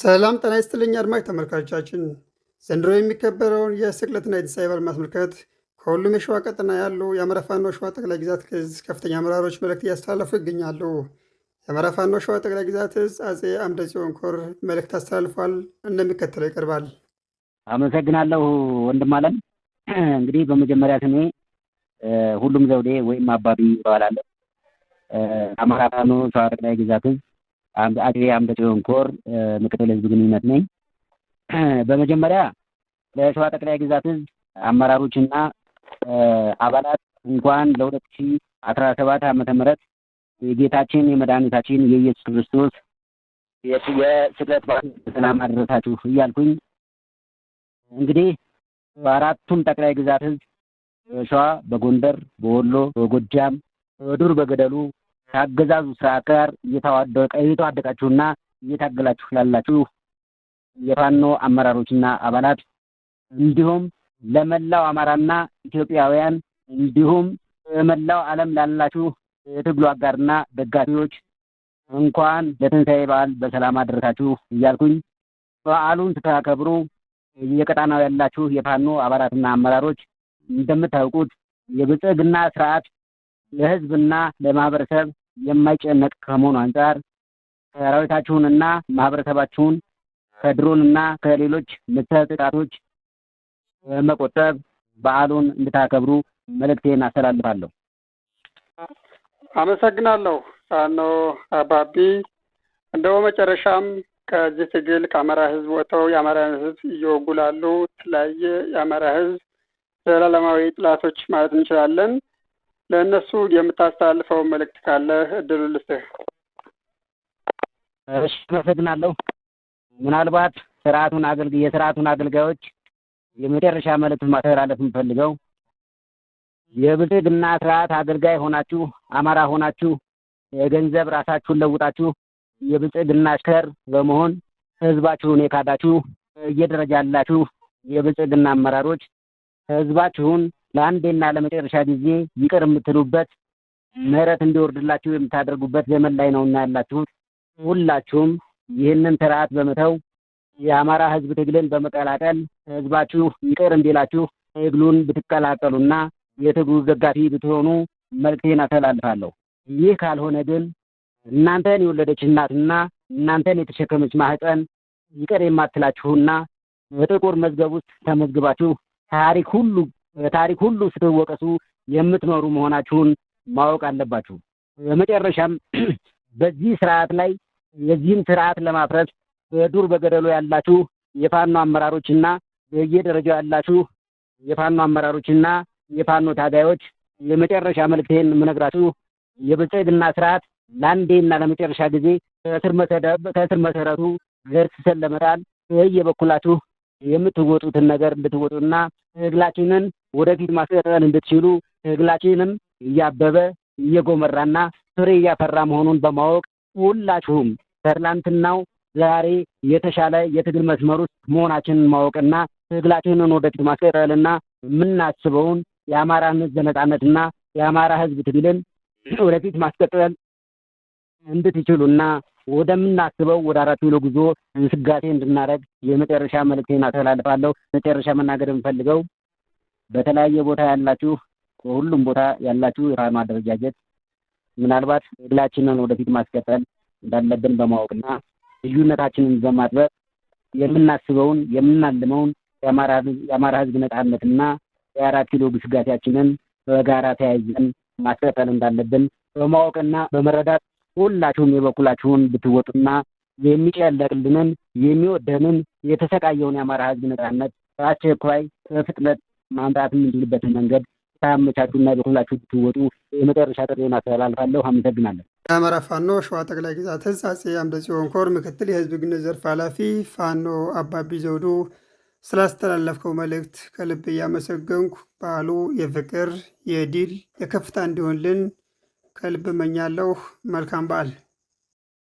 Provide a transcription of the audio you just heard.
ሰላም ጤና ይስጥልኝ አድማጭ ተመልካቾቻችን፣ ዘንድሮ የሚከበረውን የስቅለትና የትንሣኤ በዓል ማስመልከት ከሁሉም የሸዋ ቀጠና ያሉ የአማራ ፋኖ ሸዋ ጠቅላይ ግዛት ዕዝ ከፍተኛ አመራሮች መልእክት እያስተላለፉ ይገኛሉ። የአማራ ፋኖ ሸዋ ጠቅላይ ግዛት ዕዝ አጼ አምደ ጽዮን ኮር መልእክት አስተላልፏል፤ እንደሚከተለው ይቀርባል። አመሰግናለሁ ወንድም አለም። እንግዲህ በመጀመሪያ ስሜ ሁሉም ዘውዴ ወይም አባቢ ይባላለሁ። አማራ ፋኖ ሸዋ ጠቅላይ ግዛት ዕዝ አጼ አምደጽዮን ኮር ምክትል ህዝብ ግንኙነት ነኝ። በመጀመሪያ ለሸዋ ጠቅላይ ግዛት ህዝብ አመራሮችና አባላት እንኳን ለሁለት ሺ አስራ ሰባት ዓመተ ምህረት የጌታችን የመድኃኒታችን የኢየሱስ ክርስቶስ የስቅለት በዓል አደረሳችሁ እያልኩኝ እንግዲህ በአራቱም ጠቅላይ ግዛት ህዝብ ሸዋ፣ በጎንደር፣ በወሎ፣ በጎጃም፣ በዱር በገደሉ ከአገዛዙ ስርዓት ጋር እየተዋደቃችሁና እየታገላችሁ ላላችሁ የፋኖ አመራሮችና አባላት እንዲሁም ለመላው አማራና ኢትዮጵያውያን እንዲሁም በመላው ዓለም ላላችሁ የትግሉ አጋርና ደጋፊዎች እንኳን ለትንሣኤ በዓል በሰላም አደረሳችሁ እያልኩኝ በዓሉን ስታከብሩ የቀጣናው ያላችሁ የፋኖ አባላትና አመራሮች እንደምታውቁት የብልጽግና ስርዓት ለህዝብና ለማህበረሰብ የማይጨነቅ ከመሆኑ አንጻር ሰራዊታችሁንና ማህበረሰባችሁን ከድሮንና ከሌሎች ምትሃት ጥቃቶች በመቆጠብ በዓሉን እንድታከብሩ መልእክቴን አስተላልፋለሁ። አመሰግናለሁ አኖ አባቢ። እንደው መጨረሻም ከዚህ ትግል ከአማራ ህዝብ ወጥተው የአማራን ህዝብ እየወጉ ላሉ የተለያየ የአማራ ህዝብ ዘላለማዊ ጥላቶች ማለት እንችላለን ለእነሱ የምታስተላልፈው መልእክት ካለ እድሉ ልስጥህ። እሺ፣ አመሰግናለሁ። ምናልባት ስርዓቱን አገልግ የስርዓቱን አገልጋዮች የመጨረሻ መልእክት ማስተላለፍ የምፈልገው የብልጽግና ስርዓት አገልጋይ ሆናችሁ አማራ ሆናችሁ የገንዘብ ራሳችሁን ለውጣችሁ የብልጽግና አሽከር በመሆን ህዝባችሁን የካዳችሁ እየደረጃ ያላችሁ የብልጽግና አመራሮች ህዝባችሁን ለአንዴና ለመጨረሻ ጊዜ ይቅር የምትሉበት ምህረት እንዲወርድላችሁ የምታደርጉበት ዘመን ላይ ነውና ያላችሁት። ሁላችሁም ይህንን ስርዓት በመተው የአማራ ህዝብ ትግልን በመቀላቀል ህዝባችሁ ይቅር እንዲላችሁ ትግሉን ብትቀላቀሉና የትግሉ ደጋፊ ብትሆኑ መልክቴን አስተላልፋለሁ። ይህ ካልሆነ ግን እናንተን የወለደች እናትና እናንተን የተሸከመች ማህፀን ይቅር የማትላችሁና በጥቁር መዝገብ ውስጥ ተመዝግባችሁ ታሪክ ሁሉ ታሪክ ሁሉ ስትወቀሱ የምትኖሩ መሆናችሁን ማወቅ አለባችሁ። በመጨረሻም በዚህ ስርዓት ላይ የዚህን ስርዓት ለማፍረስ በዱር በገደሉ ያላችሁ የፋኖ አመራሮችና በየደረጃው ያላችሁ የፋኖ አመራሮችና የፋኖ ታጋዮች የመጨረሻ መልክቴን የምነግራችሁ የብልጽግና ስርዓት ለአንዴና ለመጨረሻ ጊዜ ከስር መሰረቱ ገርስሰን ለመጣል በየበኩላችሁ የምትወጡትን ነገር እንድትወጡና ትግላችንን ወደፊት ማስቀጠል እንድትችሉ ትግላችንም እያበበ እየጎመራና ፍሬ እያፈራ መሆኑን በማወቅ ሁላችሁም ከትላንትናው ዛሬ የተሻለ የትግል መስመር ውስጥ መሆናችንን ማወቅና ትግላችንን ወደፊት ማስቀጠልና የምናስበውን የአማራ ህዝብ ነጻነትና የአማራ ህዝብ ትግልን ወደፊት ማስቀጠል እንድትችሉና ወደምናስበው ወደ አራት ኪሎ ጉዞ እንስጋሴ እንድናደርግ የመጨረሻ መልእክቴን አስተላልፋለሁ። መጨረሻ መናገር የምፈልገው በተለያየ ቦታ ያላችሁ፣ በሁሉም ቦታ ያላችሁ የፋኖ አደረጃጀት ምናልባት ድላችንን ወደፊት ማስቀጠል እንዳለብን በማወቅና ልዩነታችንን በማጥበብ የምናስበውን የምናልመውን የአማራ ሕዝብ ነጻነትና የአራት ኪሎ ግስጋሴያችንን በጋራ ተያይዘን ማስቀጠል እንዳለብን በማወቅና በመረዳት ሁላችሁም የበኩላችሁን ብትወጡና የሚጨለቅልንን የሚወደንን የተሰቃየውን የአማራ ህዝብ ነጻነት በአስቸኳይ በፍጥነት ማምጣት የምንችልበትን መንገድ ታመቻችሁና የበኩላችሁ ብትወጡ የመጨረሻ ጥሪ ማስተላልፋለሁ። አመሰግናለን። የአማራ ፋኖ ሸዋ ጠቅላይ ግዛት ዕዝ አፄ አምደጽዮን ኮር ምክትል የህዝብ ግንኙነት ዘርፍ ኃላፊ ፋኖ አባቢ ዘውዱ ስላስተላለፍከው መልእክት ከልብ እያመሰገንኩ በዓሉ የፍቅር የድል የከፍታ እንዲሆንልን ከልብ እመኛለሁ። መልካም በዓል